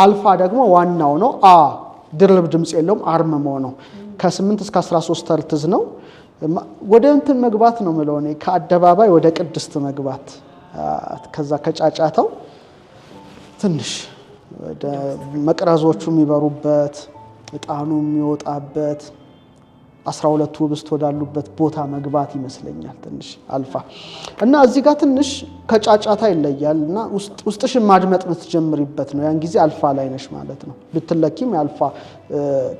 አልፋ ደግሞ ዋናው ነው። አ ድርብ ድምፅ የለውም። አርምሞ ነው። ከ8 እስከ 13 ተርትዝ ነው። ወደ እንትን መግባት ነው ምለው እኔ ከአደባባይ ወደ ቅድስት መግባት ከዛ ከጫጫታው ትንሽ ወደ መቅረዞቹ የሚበሩበት እጣኑ የሚወጣበት አስራ ሁለቱ ውብስት ወዳሉበት ቦታ መግባት ይመስለኛል። ትንሽ አልፋ እና እዚህ ጋር ትንሽ ከጫጫታ ይለያል እና ውስጥሽን ማድመጥ ምትጀምሪበት ነው። ያን ጊዜ አልፋ ላይ ነሽ ማለት ነው። ብትለኪም የአልፋ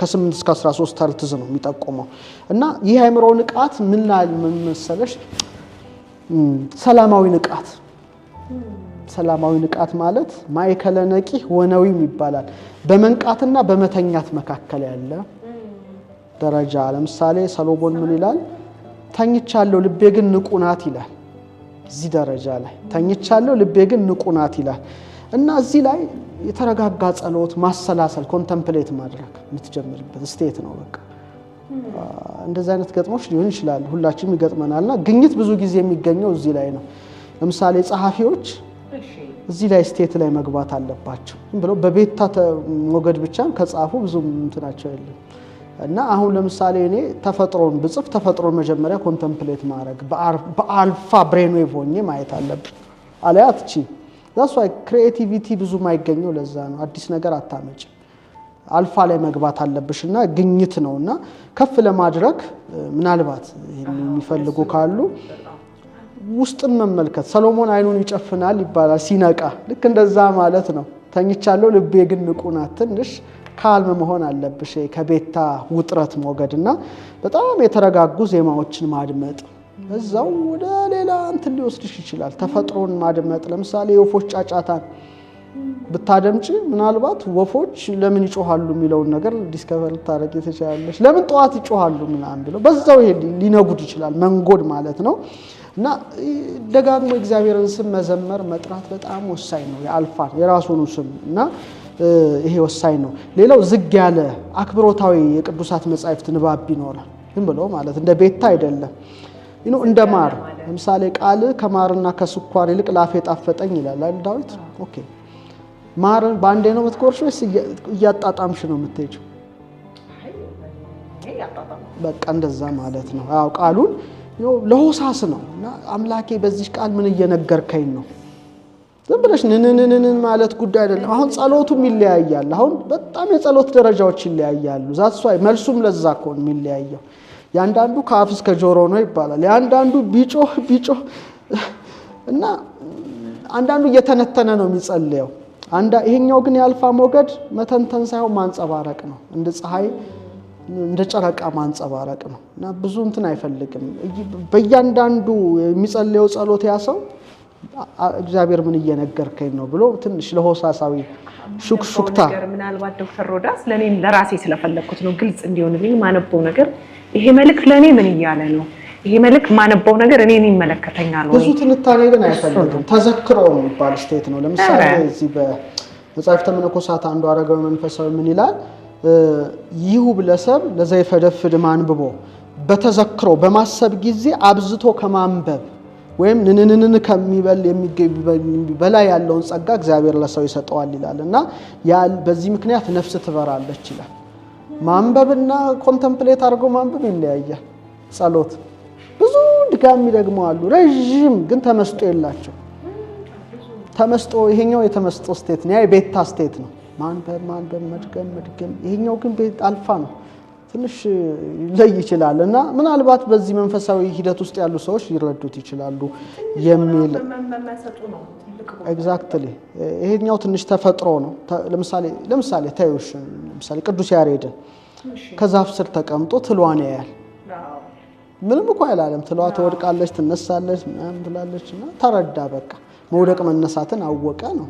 ከ8 እስከ 13 ሄርትዝ ነው የሚጠቁመው እና ይህ አእምሮ ንቃት ምን ላይ መሰለሽ? ሰላማዊ ንቃት ሰላማዊ ንቃት ማለት ማእከለ ነቂህ ወነዊም ይባላል። በመንቃትና በመተኛት መካከል ያለ ደረጃ ለምሳሌ ሰሎሞን ምን ይላል? ተኝቻለሁ ልቤ ግን ንቁናት ናት ይላል። እዚህ ደረጃ ላይ ተኝቻለሁ ልቤ ግን ንቁ ናት ይላል እና እዚህ ላይ የተረጋጋ ጸሎት ማሰላሰል ኮንተምፕሌት ማድረግ የምትጀምርበት ስቴት ነው። በቃ እንደዚህ አይነት ገጥሞች ሊሆን ይችላል፣ ሁላችንም ይገጥመናልና ግኝት ብዙ ጊዜ የሚገኘው እዚህ ላይ ነው። ለምሳሌ ጸሐፊዎች እዚህ ላይ ስቴት ላይ መግባት አለባቸው ብለው በቤታ ሞገድ ብቻ ከጻፉ ብዙ እንትናቸው የለም። እና አሁን ለምሳሌ እኔ ተፈጥሮን ብጽፍ ተፈጥሮን መጀመሪያ ኮንተምፕሌት ማድረግ በአልፋ ብሬን ዌቭ ሆኜ ማየት አለብን። አለያ ትቺ ዛስ ክሪኤቲቪቲ ብዙ ማይገኘው ለዛ ነው። አዲስ ነገር አታመጭም። አልፋ ላይ መግባት አለብሽ እና ግኝት ነው እና ከፍ ለማድረግ ምናልባት የሚፈልጉ ካሉ ውስጥን መመልከት ሰሎሞን አይኑን ይጨፍናል ይባላል ሲነቃ። ልክ እንደዛ ማለት ነው። ተኝቻለሁ ልቤ ግን ንቁ ናት ትንሽ ካልም መሆን አለብሽ ከቤታ ውጥረት ሞገድ በጣም የተረጋጉ ዜማዎችን ማድመጥ እዛው ወደ ሌላ እንትን ሊወስድሽ ይችላል። ተፈጥሮን ማድመጥ ለምሳሌ የወፎች ጫጫታን ብታደምጭ ምናልባት ወፎች ለምን ይጮሃሉ የሚለውን ነገር ዲስከቨር ልታረቂ ትችላለች። ለምን ጠዋት ይጮሃሉ ምናምን ብለው በዛው ይሄ ሊነጉድ ይችላል መንጎድ ማለት ነው። እና ደጋግሞ እግዚአብሔርን ስም መዘመር መጥራት በጣም ወሳኝ ነው። የአልፋን የራሱን ስም እና ይሄ ወሳኝ ነው። ሌላው ዝግ ያለ አክብሮታዊ የቅዱሳት መጻሕፍት ንባብ ይኖራል። ዝም ብሎ ማለት እንደ ቤታ አይደለም ይኑ እንደ ማር ለምሳሌ ቃል ከማርና ከስኳር ይልቅ ላፌ ጣፈጠኝ ይላል አይደል ዳዊት። ኦኬ ማር በአንዴ ነው የምትቆርሺው ወይስ እያጣጣምሽ ነው የምትሄጂው? በቃ እንደዛ ማለት ነው። ያው ቃሉን ለሆሳስ ነው እና አምላኬ በዚህ ቃል ምን እየነገርከኝ ነው ዝም ብለሽ ንንንንን ማለት ጉዳይ አይደለም። አሁን ጸሎቱም ይለያያል። አሁን በጣም የጸሎት ደረጃዎች ይለያያሉ። ዛት መልሱም ለዛ ከሆን የሚለያየው ያንዳንዱ ከአፍ እስከ ጆሮ ነው ይባላል። ያንዳንዱ ቢጮህ ቢጮህ እና አንዳንዱ እየተነተነ ነው የሚጸልየው። ይሄኛው ግን የአልፋ ሞገድ መተንተን ሳይሆን ማንጸባረቅ ነው። እንደ ፀሐይ እንደ ጨረቃ ማንጸባረቅ ነው እና ብዙ እንትን አይፈልግም። በእያንዳንዱ የሚጸልየው ጸሎት ያ ሰው እግዚአብሔር ምን እየነገርከኝ ነው ብሎ ትንሽ ለሆሳሳዊ ሹክሹክታ ምናልባት ዶክተር ሮዳስ ለእኔም ለራሴ ስለፈለግኩት ነው ግልጽ እንዲሆንልኝ ማነበው ነገር ይሄ መልክ ለእኔ ምን እያለ ነው? ይሄ መልክ ማነበው ነገር እኔን ይመለከተኛል? ብዙ ትንታኔ ግን አይፈልግም። ተዘክሮ የሚባል ስቴት ነው። ለምሳሌ እዚህ በመጽሐፍተ መነኮሳት አንዱ አረጋዊ መንፈሳዊ ምን ይላል? ይሁ ብለሰብ ለዘይፈደፍድ ማንብቦ በተዘክሮ በማሰብ ጊዜ አብዝቶ ከማንበብ ወይም ንንንን ከሚበል የሚገኝ በላይ ያለውን ጸጋ እግዚአብሔር ለሰው ይሰጠዋል ይላል እና በዚህ ምክንያት ነፍስ ትበራለች ይላል። ማንበብና ኮንተምፕሌት አድርጎ ማንበብ ይለያያል። ጸሎት ብዙ ድጋሚ ደግሞ አሉ፣ ረዥም ግን ተመስጦ የላቸው። ተመስጦ ይሄኛው የተመስጦ ስቴት ነው፣ ቤታ ስቴት ነው። ማንበብ ማንበብ፣ መድገም መድገም። ይሄኛው ግን ቤት አልፋ ነው። ትንሽ ይለይ ይችላል እና ምናልባት በዚህ መንፈሳዊ ሂደት ውስጥ ያሉ ሰዎች ሊረዱት ይችላሉ የሚል ኤግዛክትሊ። ይሄኛው ትንሽ ተፈጥሮ ነው። ለምሳሌ ለምሳሌ ታዩሽ ለምሳሌ ቅዱስ ያሬድ ከዛፍ ስር ተቀምጦ ትሏን ያያል። ምንም እኮ አይላለም። ትሏ ትወድቃለች፣ ትነሳለች፣ ምናምን ትላለች እና ተረዳ። በቃ መውደቅ መነሳትን አወቀ ነው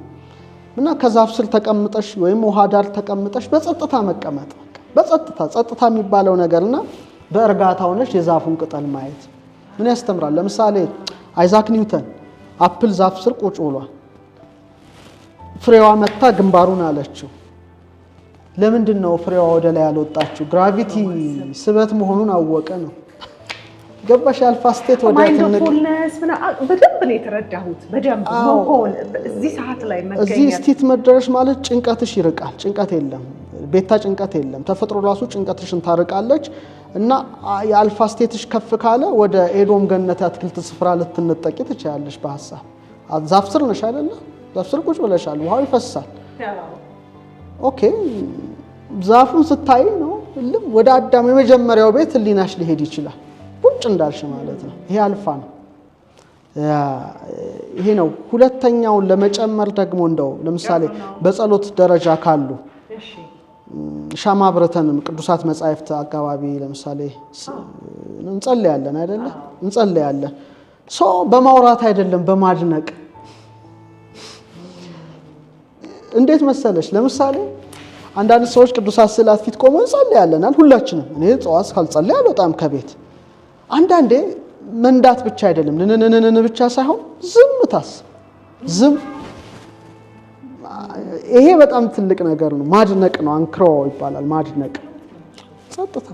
እና ከዛፍ ስር ተቀምጠሽ ወይም ውሃ ዳር ተቀምጠሽ በጸጥታ መቀመጥ በጸጥታ ጸጥታ የሚባለው ነገርና በእርጋታ ሆነሽ የዛፉን ቅጠል ማየት ምን ያስተምራል? ለምሳሌ አይዛክ ኒውተን አፕል ዛፍ ስር ቁጭ ብሏል። ፍሬዋ መታ ግንባሩን አለችው። ለምንድን ነው ፍሬዋ ወደ ላይ ያልወጣችው? ግራቪቲ ስበት መሆኑን አወቀ ነው። ገባሽ? አልፋ ስቴት ወደ በደንብ ነው የተረዳሁት። በደንብ እዚህ ሰዓት ላይ እዚህ ስቴት መደረሽ ማለት ጭንቀትሽ ይርቃል። ጭንቀት የለም ቤታ ጭንቀት የለም። ተፈጥሮ ራሱ ጭንቀትሽን ታርቃለች እና የአልፋ ስቴትሽ ከፍ ካለ ወደ ኤዶም ገነት አትክልት ስፍራ ልትንጠቂ ትችላለሽ። በሀሳብ ዛፍ ስር ነሽ አይደለ? ዛፍ ስር ቁጭ ብለሻል፣ ውሃው ይፈሳል። ኦኬ ዛፉን ስታይ ነው ወደ አዳም የመጀመሪያው ቤት ህሊናሽ ሊሄድ ይችላል። ቁጭ እንዳልሽ ማለት ነው። ይሄ አልፋ ነው። ይሄ ነው። ሁለተኛውን ለመጨመር ደግሞ እንደው ለምሳሌ በጸሎት ደረጃ ካሉ ሻማ ብረተን ቅዱሳት መጻሕፍት አካባቢ ለምሳሌ እንጸለያለን አይደለ? እንጸለያለን። ሰው በማውራት አይደለም በማድነቅ እንዴት መሰለች? ለምሳሌ አንዳንድ ሰዎች ቅዱሳት ስዕላት ፊት ቆመው እንጸለያለናል። ሁላችንም እኔ ጠዋት ካልጸለይ አልወጣም ከቤት። አንዳንዴ መንዳት ብቻ አይደለም ንንንንን ብቻ ሳይሆን ታስ ዝም ይሄ በጣም ትልቅ ነገር ነው። ማድነቅ ነው። አንክሮ ይባላል ማድነቅ። ጸጥታ።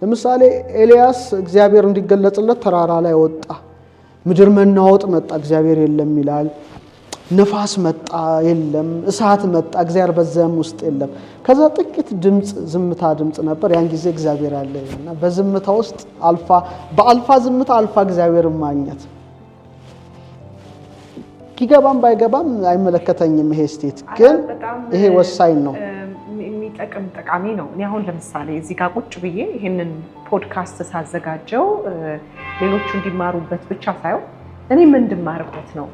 ለምሳሌ ኤልያስ እግዚአብሔር እንዲገለጽለት ተራራ ላይ ወጣ። ምድር መናወጥ መጣ፣ እግዚአብሔር የለም ይላል። ነፋስ መጣ፣ የለም። እሳት መጣ፣ እግዚአብሔር በዚያም ውስጥ የለም። ከዛ ጥቂት ድምፅ፣ ዝምታ ድምፅ ነበር። ያን ጊዜ እግዚአብሔር አለ እና በዝምታ ውስጥ አልፋ በአልፋ ዝምታ አልፋ እግዚአብሔር ማግኘት ቢገባም ባይገባም አይመለከተኝም። ይሄ ስቴት ግን ይሄ ወሳኝ ነው፣ የሚጠቅም ጠቃሚ ነው። እኔ አሁን ለምሳሌ እዚህ ጋር ቁጭ ብዬ ይህንን ፖድካስት ሳዘጋጀው ሌሎቹ እንዲማሩበት ብቻ ሳይሆን እኔም እንድማርበት ነው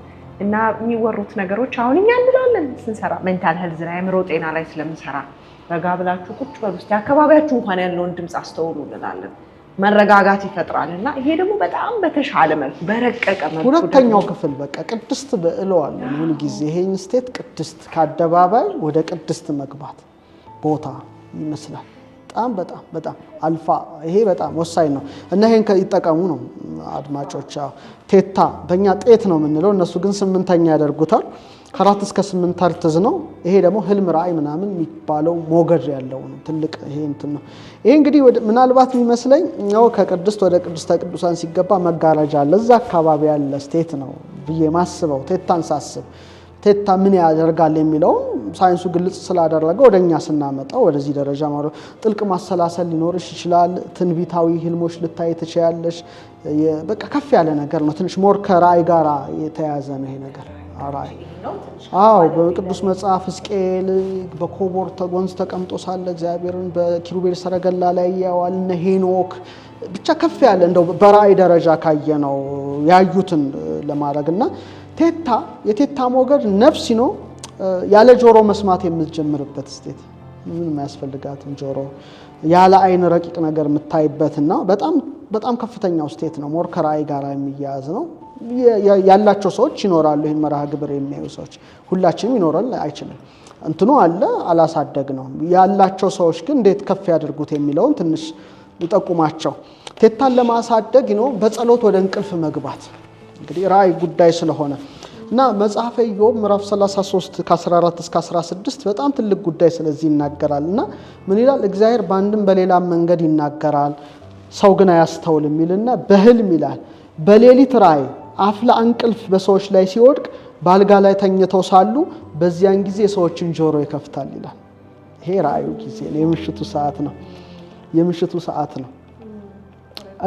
እና የሚወሩት ነገሮች አሁን እኛ እንላለን ስንሰራ ሜንታል ሄልዝ ላይ አእምሮ ጤና ላይ ስለምሰራ ረጋ ብላችሁ ቁጭ በሉ እስኪ አካባቢያችሁ እንኳን ያለውን ድምፅ አስተውሉ እንላለን። መረጋጋት ይፈጥራል እና ይሄ ደግሞ በጣም በተሻለ መልኩ በረቀቀ መልኩ ሁለተኛው ክፍል በቃ ቅድስት ብእለዋለን ሁል ጊዜ ይሄን ስቴት ቅድስት ከአደባባይ ወደ ቅድስት መግባት ቦታ ይመስላል። በጣም በጣም በጣም አልፋ ይሄ በጣም ወሳኝ ነው እና ይሄን ይጠቀሙ ነው አድማጮች። ቴታ በእኛ ጤት ነው የምንለው፣ እነሱ ግን ስምንተኛ ያደርጉታል። ከአራት እስከ ስምንት ሄርትዝ ነው። ይሄ ደግሞ ህልም ራእይ ምናምን የሚባለው ሞገድ ያለው ነው። ትልቅ ይሄ እንትን ነው። ይሄ እንግዲህ ምናልባት የሚመስለኝ ያው ከቅድስት ወደ ቅድስተ ቅዱሳን ሲገባ መጋረጃ አለ፣ እዛ አካባቢ ያለ ስቴት ነው ብዬ ማስበው ቴታን ሳስብ ቴታ ምን ያደርጋል የሚለውም ሳይንሱ ግልጽ ስላደረገ ወደኛ ስናመጣው ወደዚህ ደረጃ ማ ጥልቅ ማሰላሰል ሊኖርሽ ይችላል። ትንቢታዊ ህልሞች ልታይ ትችያለሽ። በቃ ከፍ ያለ ነገር ነው። ትንሽ ሞር ከራእይ ጋራ የተያያዘ ነው ይሄ ነገር። አዎ በቅዱስ መጽሐፍ ሕዝቅኤል በኮቦር ወንዝ ተቀምጦ ሳለ እግዚአብሔርን በኪሩቤል ሰረገላ ላይ ያዋል። እነ ሄኖክ ብቻ ከፍ ያለ እንደው በራእይ ደረጃ ካየ ነው ያዩትን ለማድረግ እና ቴታ የቴታ ሞገድ ነፍሲ ነው ያለ ጆሮ መስማት የምትጀምርበት ስቴት ምንም አያስፈልጋትም ጆሮ ያለ አይን ረቂቅ ነገር የምታይበትና በጣም በጣም ከፍተኛው ስቴት ነው። ሞር ከራእይ ጋር የሚያያዝ ነው። ያላቸው ሰዎች ይኖራሉ። ይህን መርሃ ግብር የሚያዩ ሰዎች ሁላችንም ይኖራል አይችልም። እንትኑ አለ አላሳደግ ነው ያላቸው ሰዎች ግን እንዴት ከፍ ያደርጉት የሚለውን ትንሽ ይጠቁማቸው። ቴታን ለማሳደግ ነው በጸሎት ወደ እንቅልፍ መግባት እንግዲህ ራእይ ጉዳይ ስለሆነ እና መጽሐፈ ኢዮብ ምዕራፍ 33 ከ14 እስከ 16 በጣም ትልቅ ጉዳይ ስለዚህ ይናገራል። እና ምን ይላል? እግዚአብሔር በአንድም በሌላም መንገድ ይናገራል፣ ሰው ግን አያስተውልም ይልና በህልም ይላል በሌሊት ራእይ አፍላ እንቅልፍ በሰዎች ላይ ሲወድቅ በአልጋ ላይ ተኝተው ሳሉ በዚያን ጊዜ ሰዎችን ጆሮ ይከፍታል ይላል። ይሄ ራእዩ ጊዜ ነው፣ የምሽቱ ሰዓት ነው። የምሽቱ ሰዓት ነው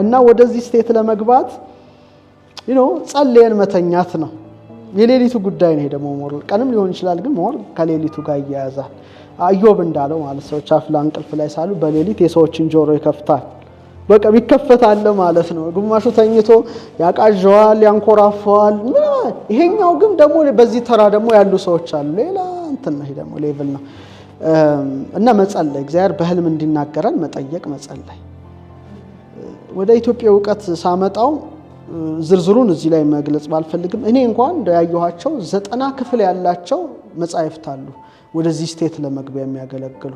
እና ወደዚህ ስቴት ለመግባት ነው ጸልየን መተኛት ነው። የሌሊቱ ጉዳይ ነው ደግሞ ሞር ቀንም ሊሆን ይችላል፣ ግን ሞር ከሌሊቱ ጋር እያያዛል። አዮብ እንዳለው ማለት ሰዎች አፍላ እንቅልፍ ላይ ሳሉ በሌሊት የሰዎችን ጆሮ ይከፍታል። በቃ ይከፈታል ማለት ነው። ግማሹ ተኝቶ ያቃዣዋል፣ ያንኮራፋዋል። ይሄኛው ግን ደግሞ በዚህ ተራ ደግሞ ያሉ ሰዎች አሉ። ሌላ እንትን ነው ደግሞ ሌቭል ነው እና መጸለይ፣ እግዚአብሔር በህልም እንዲናገረን መጠየቅ፣ መጸለይ። ወደ ኢትዮጵያ እውቀት ሳመጣው ዝርዝሩን እዚህ ላይ መግለጽ ባልፈልግም እኔ እንኳን ያየኋቸው ዘጠና ክፍል ያላቸው መጻሕፍት አሉ ወደዚህ ስቴት ለመግቢያ የሚያገለግሉ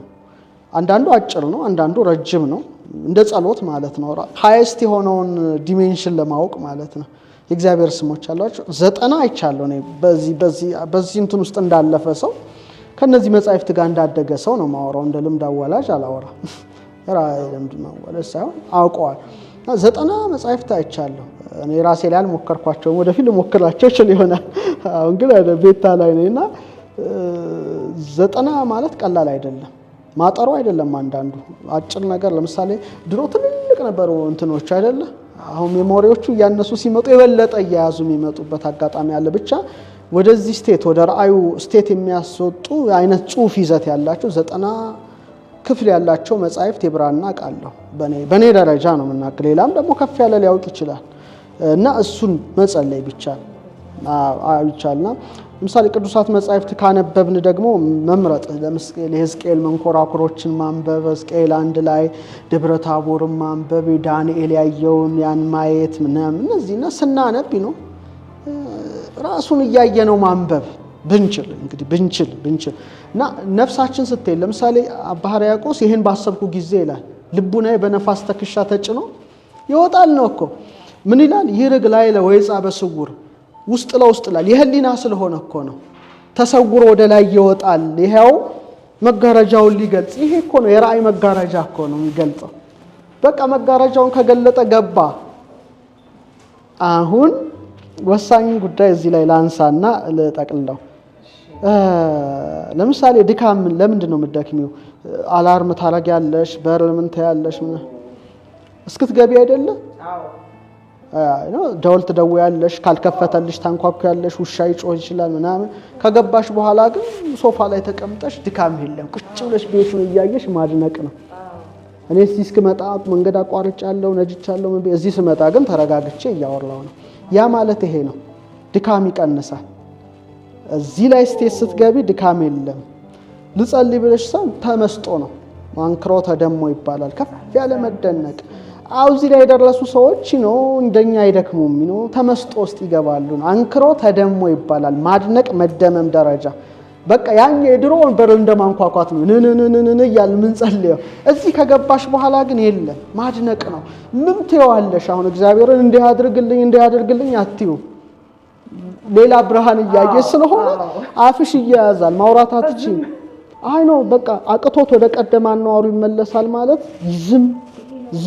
አንዳንዱ አጭር ነው፣ አንዳንዱ ረጅም ነው። እንደ ጸሎት ማለት ነው። ሀይስት የሆነውን ዲሜንሽን ለማወቅ ማለት ነው። የእግዚአብሔር ስሞች አሏቸው። ዘጠና አይቻለሁ እኔ በዚህ እንትን ውስጥ እንዳለፈ ሰው ከነዚህ መጻሕፍት ጋር እንዳደገ ሰው ነው ማወራው። እንደ ልምድ አዋላጅ አላወራ ልምድ ማዋላጅ ሳይሆን አውቀዋል። ዘጠና መጻሕፍት አይቻለሁ እኔ ራሴ ላይ አልሞከርኳቸውም። ወደፊት ልሞክራቸው ይችል ይሆናል። አሁን ግን ቤታ ላይ ነኝ እና ዘጠና ማለት ቀላል አይደለም። ማጠሩ አይደለም። አንዳንዱ አጭር ነገር ለምሳሌ ድሮ ትልልቅ ነበሩ እንትኖች አይደለ? አሁን ሜሞሪዎቹ እያነሱ ሲመጡ የበለጠ እየያዙ የሚመጡበት አጋጣሚ አለ። ብቻ ወደዚህ ስቴት ወደ ራእዩ ስቴት የሚያስወጡ አይነት ጽሁፍ ይዘት ያላቸው ዘጠና ክፍል ያላቸው መጻሕፍት የብራና ቃለሁ በእኔ ደረጃ ነው የምናገር። ሌላም ደግሞ ከፍ ያለ ሊያውቅ ይችላል እና እሱን መጸለይ ብቻ አይቻልና ለምሳሌ ቅዱሳት መጻሕፍት ካነበብን ደግሞ መምረጥ ለምሳሌ የሕዝቅኤል መንኮራኩሮችን ማንበብ፣ ሕዝቅኤል አንድ ላይ ደብረ ታቦርን ማንበብ፣ ዳንኤል ያየውን ያን ማየት ምናምን እነዚህና ስናነብ ነው ራሱን እያየ ነው ማንበብ ብንችል እንግዲህ ብንችል ብንችል እና ነፍሳችን ስትሄድ ለምሳሌ አባ ሕርያቆስ ይህን ባሰብኩ ጊዜ ይላል ልቡናዬ በነፋስ ተክሻ ተጭኖ ይወጣል ነው እኮ ምን ይላል ይርግ ላይ ለወይጻ በስውር ውስጥ ለውስጥ ላል የህሊና ስለሆነ እኮ ነው ተሰውሮ ወደ ላይ ይወጣል። ይሄው መጋረጃውን ሊገልጽ ይሄ እኮ ነው የራእይ መጋረጃ እኮ ነው የሚገልጸው። በቃ መጋረጃውን ከገለጠ ገባ። አሁን ወሳኝ ጉዳይ እዚህ ላይ ላንሳና ልጠቅልለው። ለምሳሌ ድካም ለምንድን ነው የምትደክሚው? አላርም ታረጊያለሽ፣ በር ምን ትያለሽ፣ እስክትገቢ አይደለም? ደወል ትደውያለሽ፣ ካልከፈተልሽ ታንኳኩያለሽ፣ ውሻ ይጮህ ይችላል ምናምን። ከገባሽ በኋላ ግን ሶፋ ላይ ተቀምጠሽ ድካም የለም። ቁጭ ብለሽ ቤቱን እያየሽ ማድነቅ ነው። እኔ እዚህ እስክመጣ መንገድ አቋርጫለሁ፣ ነጅቻለሁ። እዚህ ስመጣ ግን ተረጋግቼ እያወራሁ ነው። ያ ማለት ይሄ ነው፣ ድካም ይቀንሳል። እዚህ ላይ ስቴት ስትገቢ ድካም የለም። ልጸልይ ብለሽ ሰው ተመስጦ ነው። ማንክሮ ተደሞ ይባላል። ከፍ ያለ መደነቅ አው እዚህ ላይ የደረሱ ሰዎች ነው እንደኛ አይደክሙም ነው ተመስጦ ውስጥ ይገባሉ። አንክሮ ተደሞ ይባላል። ማድነቅ መደመም ደረጃ በቃ ያኛ የድሮ በር እንደማንኳኳት ነው። ንንንንን እያል ምን ጸልየው እዚህ ከገባሽ በኋላ ግን የለም ማድነቅ ነው። ምን ትየዋለሽ? አሁን እግዚአብሔርን እንዲህ አድርግልኝ እንዲህ አድርግልኝ አትዩ። ሌላ ብርሃን እያየ ስለሆነ አፍሽ እያያዛል ማውራት አትችይም። አይ ነው በቃ አቅቶት ወደ ቀደማ አኗሩ ይመለሳል ማለት ዝም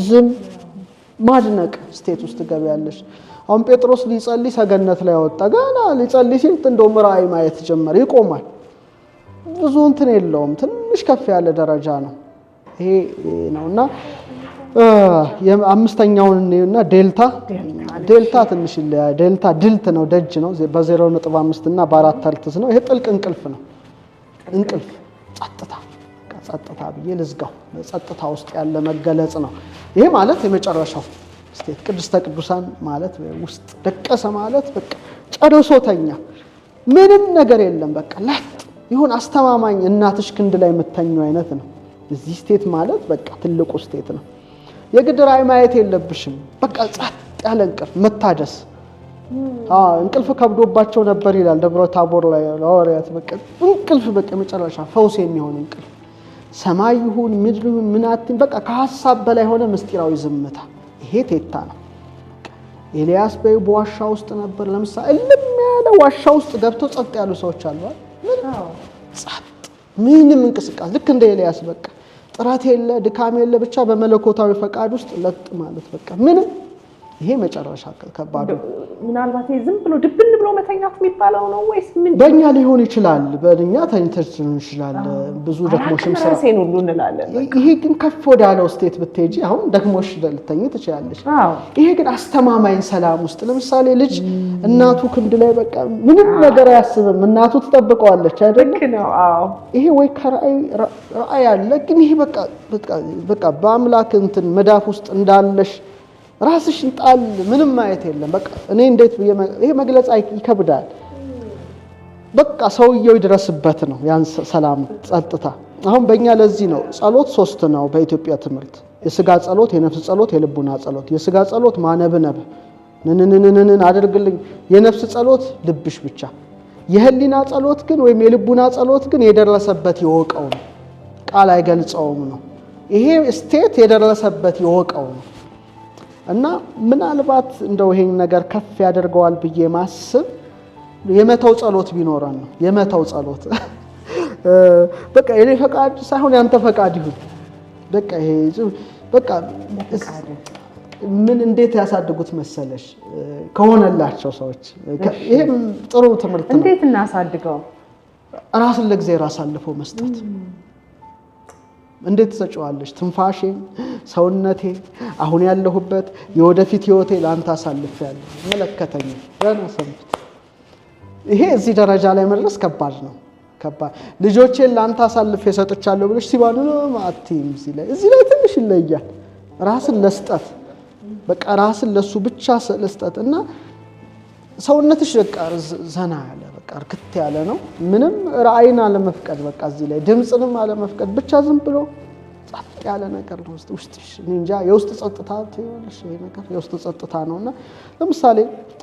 ዝም ማድነቅ ስቴት ውስጥ ገበያለሽ። አሁን ጴጥሮስ ሊጸልይ ሰገነት ላይ ወጣ። ገና ሊጸልይ ሲል እንደውም ራእይ ማየት ጀመረ። ይቆማል። ብዙ እንትን የለውም። ትንሽ ከፍ ያለ ደረጃ ነው። ይሄ ነውና አምስተኛውን እና ዴልታ ዴልታ ትንሽ ዴልታ ድልት ነው፣ ደጅ ነው። በ0.5 እና በአራት አልትስ ነው። ይሄ ጥልቅ እንቅልፍ ነው። እንቅልፍ ጸጥታ ጸጥታ ብዬ ልዝጋው። ጸጥታ ውስጥ ያለ መገለጽ ነው። ይሄ ማለት የመጨረሻው ስቴት ቅድስተ ቅዱሳን ማለት ውስጥ ደቀሰ ማለት በቃ ጨርሶተኛ ምንም ነገር የለም። በቃ ላጥ ይሁን አስተማማኝ እናትሽ ክንድ ላይ የምተኙ አይነት ነው። እዚህ ስቴት ማለት በቃ ትልቁ ስቴት ነው። የግድ ማየት የለብሽም። በቃ ጸጥ ያለ እንቅልፍ መታደስ እንቅልፍ ከብዶባቸው ነበር ይላል ደብረ ታቦር ላይ ሐዋርያት። በቃ እንቅልፍ በቃ የመጨረሻ ፈውስ የሚሆን እንቅልፍ ሰማይ ይሁን ምድር ይሁን ምናትን በቃ ከሀሳብ በላይ የሆነ ምስጢራዊ ዝምታ። ይሄ ቴታ ነው። ኤልያስ በይ በዋሻ ውስጥ ነበር። ለምሳሌ እልም ያለ ዋሻ ውስጥ ገብቶ ጸጥ ያሉ ሰዎች አሉ። ጸጥ ምንም እንቅስቃሴ ልክ እንደ ኤልያስ በቃ ጥረት የለ ድካም የለ ብቻ በመለኮታዊ ፈቃድ ውስጥ ለጥ ማለት በቃ ምንም ይሄ መጨረሻ ከባድ ነው። ምናልባት ዝም ብሎ ድብን ብሎ መተኛት የሚባለው ነው ወይስ ምን? በእኛ ሊሆን ይችላል፣ በእኛ ተኝተሽ ሊሆን ይችላል። ብዙ ደክሞሽም ስራ ሁሉ እንላለን። ይሄ ግን ከፍ ወዳለው ስቴት ብትሄጂ አሁን ደክሞሽ ልተኝ ትችላለች። ይሄ ግን አስተማማኝ ሰላም ውስጥ ለምሳሌ ልጅ እናቱ ክንድ ላይ በቃ ምንም ነገር አያስብም፣ እናቱ ትጠብቀዋለች አይደል? ይሄ ወይ ከራእይ ራእይ አለ ግን ይሄ በቃ በቃ በአምላክ እንትን መዳፍ ውስጥ እንዳለሽ ራስሽን ጣል። ምንም ማየት የለም። በቃ እኔ እንዴት ይሄ መግለጽ ይከብዳል። በቃ ሰውየው ይድረስበት ነው ያን ሰላም ጸጥታ። አሁን በእኛ ለዚህ ነው ጸሎት ሶስት ነው በኢትዮጵያ ትምህርት የስጋ ጸሎት፣ የነፍስ ጸሎት፣ የልቡና ጸሎት። የስጋ ጸሎት ማነብነብ ንንንንን አድርግልኝ። የነፍስ ጸሎት ልብሽ ብቻ። የህሊና ጸሎት ግን ወይም የልቡና ጸሎት ግን የደረሰበት የወቀው ነው። ቃል አይገልጸውም ነው ይሄ ስቴት የደረሰበት የወቀው ነው። እና ምናልባት እንደው ይሄን ነገር ከፍ ያደርገዋል ብዬ ማስብ የመተው ጸሎት ቢኖረን ነው። የመተው ጸሎት በቃ የኔ ፈቃድ ሳይሆን ያንተ ፈቃድ ይሁን። በቃ ይሄ በቃ ምን እንዴት ያሳድጉት መሰለሽ ከሆነላቸው ሰዎች ይሄም ጥሩ ትምህርት ነው። እንዴት እናሳድገው? ራስን ለእግዚአብሔር አሳልፎ መስጠት እንዴት ትሰጪዋለሽ? ትንፋሼ፣ ሰውነቴ፣ አሁን ያለሁበት የወደፊት ህይወቴ ለአንተ ያለ መለከተኝ ገና ሰንብት። ይሄ እዚህ ደረጃ ላይ መድረስ ከባድ ነው። ከባድ ልጆቼን ለአንተ አሳልፌ የሰጥቻለሁ ብለሽ ሲባሉ ማቲም እዚህ ላይ እዚህ ላይ ትንሽ ይለያል። ራስን ለስጠት በቃ ራስን ለሱ ብቻ ለስጠት እና ሰውነትሽ በቃ ዘና ያለ በቃ እርክት ያለ ነው። ምንም ራእይን አለመፍቀድ በቃ እዚህ ላይ ድምፅንም አለመፍቀድ ብቻ ዝም ብሎ ጸጥ ያለ ነገር ነው። ውስጥሽ እንጃ የውስጥ ጸጥታ ትሆንሽ ነገር የውስጥ ጸጥታ ነው እና ለምሳሌ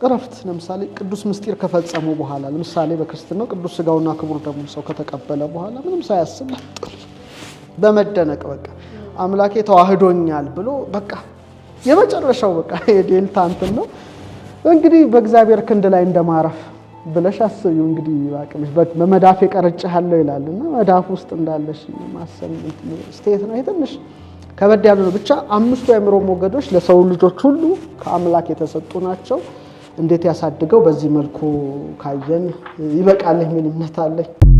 እረፍት ለምሳሌ ቅዱስ ምስጢር ከፈጸሙ በኋላ ለምሳሌ በክርስትናው ቅዱስ ስጋውና ክቡር ደግሞ ሰው ከተቀበለ በኋላ ምንም ሳያስብ በመደነቅ በቃ አምላኬ ተዋህዶኛል ብሎ በቃ የመጨረሻው በቃ የዴልታ እንትን ነው እንግዲህ በእግዚአብሔር ክንድ ላይ እንደማረፍ ብለሽ አስቢው። እንግዲህ አቅምሽ በመዳፍ የቀረጭሃለሁ ይላል እና መዳፍ ውስጥ እንዳለሽ ማሰብ ስቴት ነው ትንሽ ከበድ ያሉ ነው። ብቻ አምስቱ የአእምሮ ሞገዶች ለሰው ልጆች ሁሉ ከአምላክ የተሰጡ ናቸው። እንዴት ያሳድገው በዚህ መልኩ ካየን ይበቃል የሚል እምነት አለኝ።